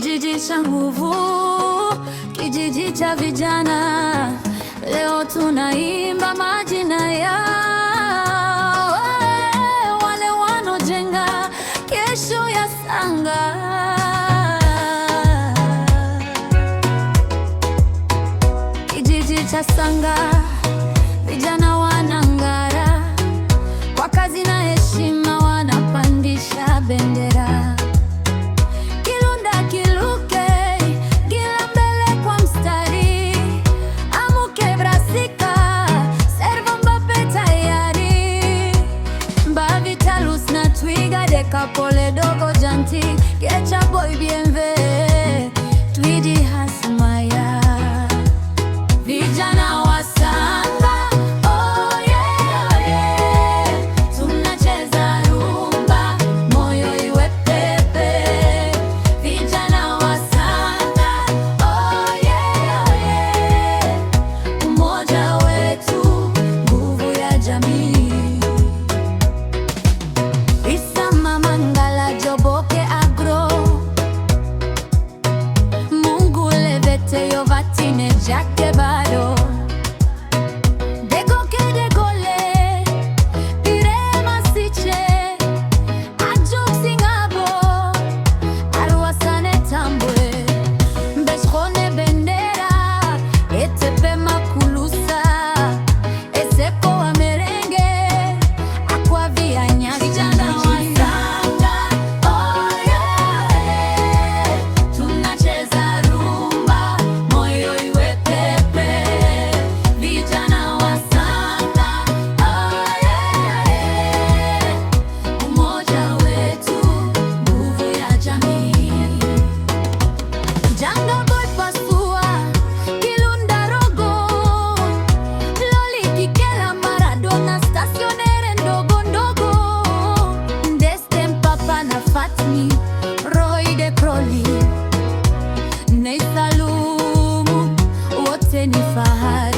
kijiji cha nguvu, kijiji cha vijana, leo tunaimba majina yao, wale wanojenga kesho ya Sanga. Kijiji cha Sanga, vijana wanang'ara kwa kazi na heshima. pole dogo janti Get your boy bien Já que bahar